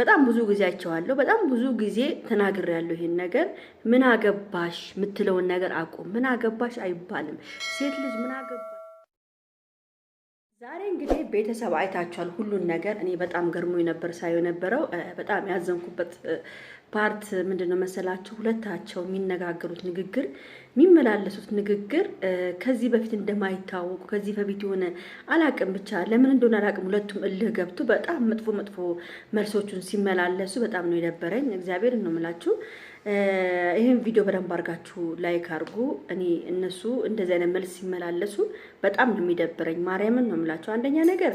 በጣም ብዙ ጊዜ አይቼዋለሁ። በጣም ብዙ ጊዜ ተናግሬያለሁ። ይሄን ነገር ምን አገባሽ የምትለውን ነገር አቁም። ምን አገባሽ አይባልም። ሴት ልጅ ምን አገባሽ ዛሬ እንግዲህ ቤተሰብ አይታችኋል ሁሉን ነገር። እኔ በጣም ገርሞ ነበር ሳየው የነበረው በጣም ያዘንኩበት ፓርት ምንድን ነው መሰላችሁ? ሁለታቸው የሚነጋገሩት ንግግር፣ የሚመላለሱት ንግግር ከዚህ በፊት እንደማይታወቁ ከዚህ በፊት የሆነ አላቅም ብቻ ለምን እንደሆነ አላቅም፣ ሁለቱም እልህ ገብቶ በጣም መጥፎ መጥፎ መልሶቹን ሲመላለሱ በጣም ነው የነበረኝ። እግዚአብሔር ነው የምላችሁ ይህን ቪዲዮ በደንብ አድርጋችሁ ላይክ አድርጉ። እኔ እነሱ እንደዚህ አይነት መልስ ሲመላለሱ በጣም ነው የሚደብረኝ። ማርያምን ነው የምላቸው። አንደኛ ነገር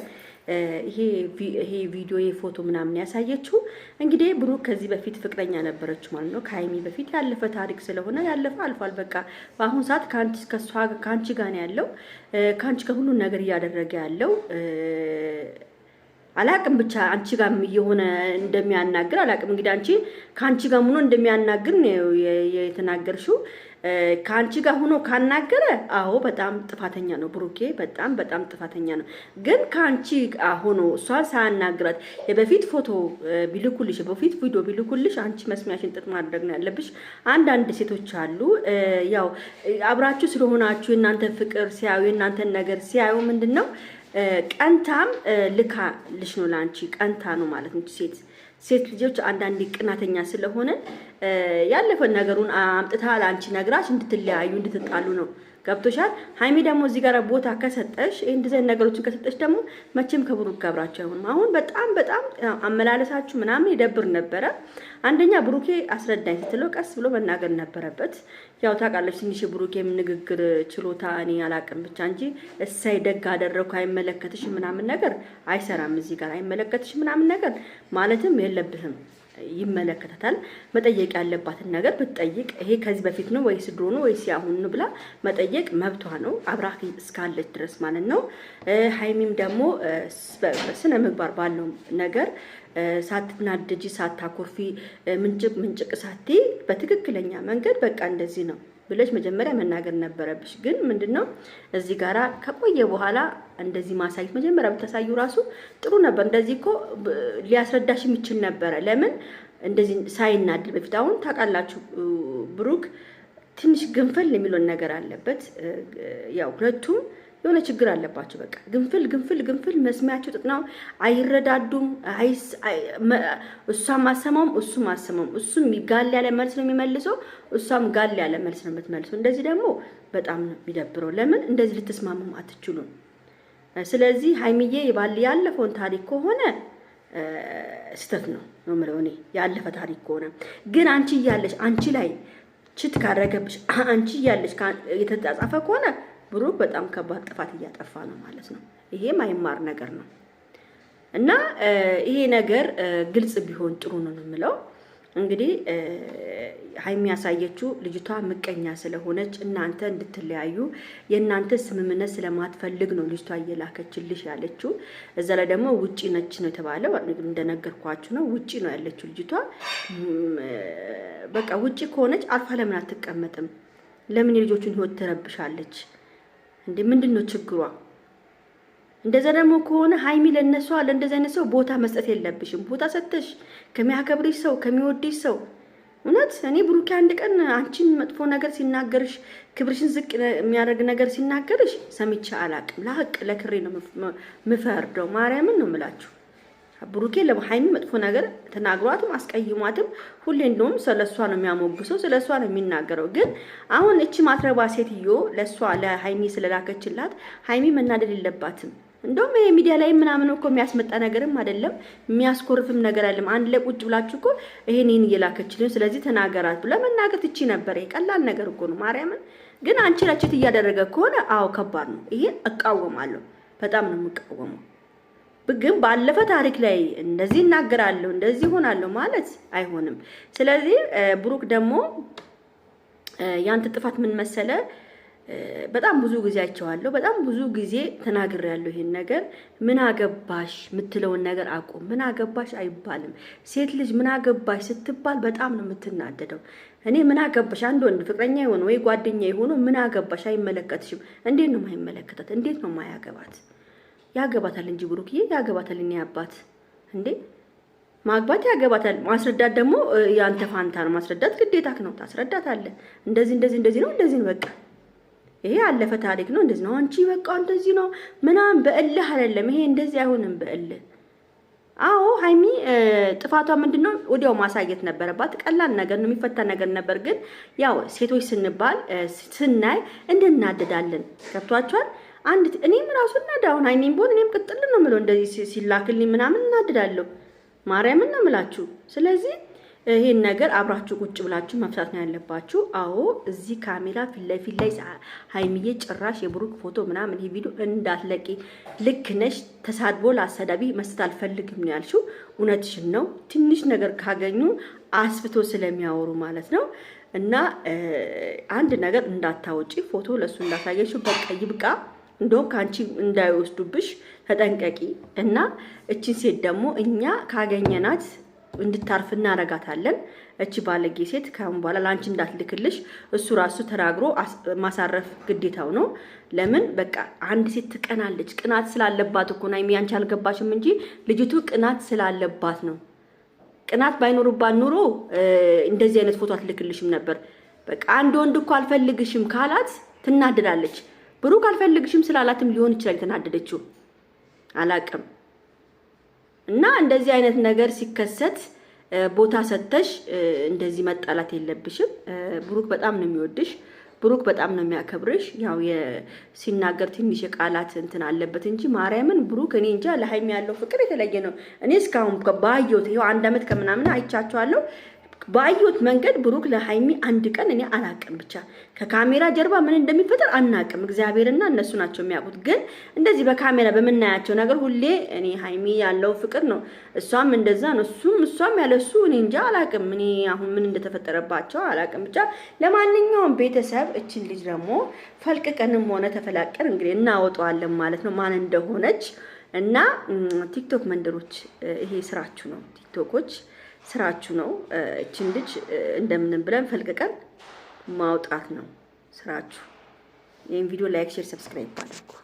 ይሄ ቪዲዮ የፎቶ ምናምን ያሳየችው እንግዲህ ብሩክ ከዚህ በፊት ፍቅረኛ ነበረች ማለት ነው። ከሀይሚ በፊት ያለፈ ታሪክ ስለሆነ ያለፈ አልፏል። በቃ በአሁኑ ሰዓት ከአንቺ ጋር ነው ያለው። ከአንቺ ጋር ነገር እያደረገ ያለው አላቅም ብቻ አንቺ ጋር እየሆነ እንደሚያናግር አላቅም። እንግዲህ አንቺ ከአንቺ ጋር ሆኖ እንደሚያናግር የተናገርሽው ከአንቺ ጋር ሆኖ ካናገረ፣ አዎ በጣም ጥፋተኛ ነው ብሩኬ፣ በጣም በጣም ጥፋተኛ ነው። ግን ከአንቺ ሆኖ እሷን ሳያናግራት የበፊት ፎቶ ቢልኩልሽ፣ በፊት ቪዲዮ ቢልኩልሽ፣ አንቺ መስሚያሽን ጥጥ ማድረግ ነው ያለብሽ። አንዳንድ ሴቶች አሉ፣ ያው አብራችሁ ስለሆናችሁ የእናንተ ፍቅር ሲያዩ የእናንተን ነገር ሲያዩ ምንድን ነው ቀንታም ልካ ልሽ ነው ለአንቺ ቀንታ ነው ማለት ነው። ሴት ሴት ልጆች አንዳንዴ ቅናተኛ ስለሆነ ያለፈን ነገሩን አምጥታ ለአንቺ ነግራች እንድትለያዩ እንድትጣሉ ነው ገብቶሻል ሀይሚ ደግሞ እዚህ ጋር ቦታ ከሰጠሽ ይህ እንደዚህ ነገሮችን ከሰጠሽ ደግሞ መቼም ከብሩክ ጋር አይሆንም። አሁን በጣም በጣም አመላለሳችሁ ምናምን ይደብር ነበረ። አንደኛ ብሩኬ አስረዳኝ ስትለው ቀስ ብሎ መናገር ነበረበት። ያው ታውቃለች ትንሽ ብሩኬም ንግግር ችሎታ እኔ አላቅም ብቻ እንጂ እሳይ ደግ አደረኩ አይመለከትሽ ምናምን ነገር አይሰራም። እዚህ ጋር አይመለከትሽ ምናምን ነገር ማለትም የለብህም ይመለከታታል። መጠየቅ ያለባትን ነገር ብትጠይቅ ይሄ ከዚህ በፊት ነው ወይስ ድሮ ነው ወይስ ያሁን ነው ብላ መጠየቅ መብቷ ነው፣ አብራክ እስካለች ድረስ ማለት ነው። ሀይሚም ደግሞ ስነ ምግባር ባለው ነገር ሳትናድጂ፣ ሳታኮርፊ፣ ምንጭቅ ምንጭቅ ሳቴ በትክክለኛ መንገድ በቃ እንደዚህ ነው ብለሽ መጀመሪያ መናገር ነበረብሽ። ግን ምንድነው እዚህ ጋራ ከቆየ በኋላ እንደዚህ ማሳየት መጀመሪያ ብታሳዩ ራሱ ጥሩ ነበር። እንደዚህ እኮ ሊያስረዳሽ የሚችል ነበረ። ለምን እንደዚህ ሳይናድል በፊት አሁን ታውቃላችሁ ብሩክ ትንሽ ግንፈል የሚለውን ነገር አለበት ያው ሁለቱም የሆነ ችግር አለባቸው። በቃ ግንፍል ግንፍል ግንፍል መስሚያቸው ጥጥናው አይረዳዱም። እሷም አሰማውም እሱም አሰማውም። እሱም ጋል ያለ መልስ ነው የሚመልሰው፣ እሷም ጋል ያለ መልስ ነው የምትመልሰው። እንደዚህ ደግሞ በጣም ነው የሚደብረው። ለምን እንደዚህ ልትስማሙም አትችሉም? ስለዚህ ሀይሚዬ ባል ያለፈውን ታሪክ ከሆነ ስህተት ነው ነው የምለው እኔ ያለፈ ታሪክ ከሆነ ግን አንቺ እያለሽ አንቺ ላይ ችት ካረገብሽ አንቺ እያለሽ የተጻጻፈ ከሆነ ብሩክ በጣም ከባድ ጥፋት እያጠፋ ነው ማለት ነው። ይሄ ማይማር ነገር ነው እና ይሄ ነገር ግልጽ ቢሆን ጥሩ ነው የምለው። እንግዲህ ሀይሚ ያሳየችው ልጅቷ ምቀኛ ስለሆነች እናንተ እንድትለያዩ የእናንተ ስምምነት ስለማትፈልግ ነው ልጅቷ እየላከችልሽ ያለችው። እዛ ላይ ደግሞ ውጪ ነች ነው የተባለው። እንደነገርኳችሁ ነው ውጪ ነው ያለችው ልጅቷ። በቃ ውጪ ከሆነች አርፋ ለምን አትቀመጥም? ለምን የልጆቹን ህይወት ትረብሻለች? እንዴ ምንድን ነው ችግሯ? እንደዛ ደግሞ ከሆነ ሀይሚ ለነሷ ለእንደዚህ አይነት ሰው ቦታ መስጠት የለብሽም። ቦታ ሰጥተሽ ከሚያከብርሽ ሰው ከሚወድሽ ሰው እውነት እኔ ብሩኬ አንድ ቀን አንቺን መጥፎ ነገር ሲናገርሽ ክብርሽን ዝቅ የሚያደርግ ነገር ሲናገርሽ ሰምቼ አላቅም። ለሀቅ ለክሬ ነው ምፈርደው። ማርያምን ነው ምላችሁ ብሩኬ ለሀይሚ መጥፎ ነገር ተናግሯትም አስቀይሟትም ሁሌ እንደውም ስለሷ ነው የሚያሞግሰው፣ ስለሷ ነው የሚናገረው። ግን አሁን እቺ ማትረባ ሴትዮ ለሷ ለሀይሚ ስለላከችላት ሀይሚ መናደድ የለባትም። እንደውም ይሄ ሚዲያ ላይ ምናምን እኮ የሚያስመጣ ነገርም አይደለም፣ የሚያስኮርፍም ነገር አይደለም። አንድ ላይ ቁጭ ብላችሁ እኮ ይሄን ይህን እየላከችልን ስለዚህ ተናገራት ብለህ መናገር ትቺ ነበር። ይሄ ቀላል ነገር እኮ ነው። ማርያምን ግን አንቺ ለችት እያደረገ ከሆነ አዎ ከባድ ነው። ይሄን እቃወማለሁ። በጣም ነው የምቃወመው። ግን ባለፈ ታሪክ ላይ እንደዚህ እናገራለሁ እንደዚህ ሆናለሁ ማለት አይሆንም። ስለዚህ ብሩክ ደግሞ ያንተ ጥፋት ምን መሰለ፣ በጣም ብዙ ጊዜ አይቼዋለሁ፣ በጣም ብዙ ጊዜ ተናግሬያለሁ ይሄን ነገር። ምን አገባሽ የምትለውን ነገር አቁም። ምን አገባሽ አይባልም። ሴት ልጅ ምን አገባሽ ስትባል በጣም ነው የምትናደደው። እኔ ምን አገባሽ፣ አንድ ወንድ ፍቅረኛ የሆነ ወይ ጓደኛ የሆነ ምን አገባሽ አይመለከትሽም። እንዴት ነው የማይመለከታት? እንዴት ነው የማያገባት? ያገባታል እንጂ ብሩክዬ ያገባታል። እኔ አባት እንዴ ማግባት ያገባታል። ማስረዳት ደግሞ ያንተ ፋንታ ነው። ማስረዳት ግዴታክ ነው። ታስረዳት አለ እንደዚህ እንደዚህ እንደዚህ ነው እንደዚህ ነው በቃ ይሄ ያለፈ ታሪክ ነው። እንደዚህ ነው አንቺ በቃ እንደዚህ ነው ምናምን በእልህ አይደለም። ይሄ እንደዚህ አይሆንም በእልህ አዎ ሀይሚ ጥፋቷ ምንድነው? ወዲያው ማሳየት ነበረባት። ቀላል ነገር ነው፣ የሚፈታ ነገር ነበር። ግን ያው ሴቶች ስንባል ስናይ እንድናደዳለን። ገብቷችኋል? አንድ እኔም ራሱ እናድ አይኔም ቦን እኔም ቅጥል ነው ምለው እንደዚህ ሲላክልኝ ምናምን እናድዳለሁ። ማርያምን ነው ምላችሁ። ስለዚህ ይሄን ነገር አብራችሁ ቁጭ ብላችሁ መፍታት ነው ያለባችሁ። አዎ እዚህ ካሜራ ፊት ለፊት ላይ ሀይሚዬ ጭራሽ የብሩክ ፎቶ ምናምን ይሄ ቪዲዮ እንዳትለቂ። ልክ ነሽ። ተሳድቦ ለአሰዳቢ መስት አልፈልግም ነው ያልሽው። እውነትሽን ነው። ትንሽ ነገር ካገኙ አስፍቶ ስለሚያወሩ ማለት ነው። እና አንድ ነገር እንዳታወጪ፣ ፎቶ ለእሱ እንዳታገኝሽው። በቃ ይብቃ። እንደውም ከአንቺ እንዳይወስዱብሽ ተጠንቀቂ እና እቺን ሴት ደግሞ እኛ ካገኘናት እንድታርፍ እናረጋታለን። እቺ ባለጌ ሴት ካሁን በኋላ ለአንቺ እንዳትልክልሽ እሱ ራሱ ተናግሮ ማሳረፍ ግዴታው ነው። ለምን በቃ አንድ ሴት ትቀናለች። ቅናት ስላለባት እኮ ና አንቺ አልገባሽም እንጂ ልጅቱ ቅናት ስላለባት ነው። ቅናት ባይኖርባት ኑሮ እንደዚህ አይነት ፎቶ አትልክልሽም ነበር። በቃ አንድ ወንድ እኮ አልፈልግሽም ካላት ትናደዳለች። ብሩክ አልፈልግሽም ስላላትም ሊሆን ይችላል የተናደደችው፣ አላቅም። እና እንደዚህ አይነት ነገር ሲከሰት ቦታ ሰተሽ እንደዚህ መጣላት የለብሽም። ብሩክ በጣም ነው የሚወድሽ። ብሩክ በጣም ነው የሚያከብርሽ። ያው ሲናገር ትንሽ የቃላት እንትን አለበት እንጂ ማርያምን ብሩክ እኔ እንጃ ለሀይሚ ያለው ፍቅር የተለየ ነው። እኔ እስካሁን ባየሁት ይኸው አንድ አመት ከምናምን አይቻቸዋለሁ ባየሁት መንገድ ብሩክ ለሀይሚ አንድ ቀን እኔ አላቅም። ብቻ ከካሜራ ጀርባ ምን እንደሚፈጠር አናቅም። እግዚአብሔርና እነሱ ናቸው የሚያውቁት። ግን እንደዚህ በካሜራ በምናያቸው ነገር ሁሌ እኔ ሀይሚ ያለው ፍቅር ነው፣ እሷም እንደዛ ነው፣ እሱም እሷም ያለሱ እኔ እንጃ አላቅም። እኔ አሁን ምን እንደተፈጠረባቸው አላቅም። ብቻ ለማንኛውም ቤተሰብ እችን ልጅ ደግሞ ፈልቅቀንም ሆነ ተፈላቀን እንግዲህ እናወጣዋለን ማለት ነው ማን እንደሆነች እና ቲክቶክ መንደሮች ይሄ ስራችሁ ነው ቲክቶኮች ስራችሁ ነው። እችን ልጅ እንደምንም ብለን ፈልቅቀን ማውጣት ነው ስራችሁ። ይህን ቪዲዮ ላይክ፣ ሼር፣ ሰብስክራይብ አድርጉ።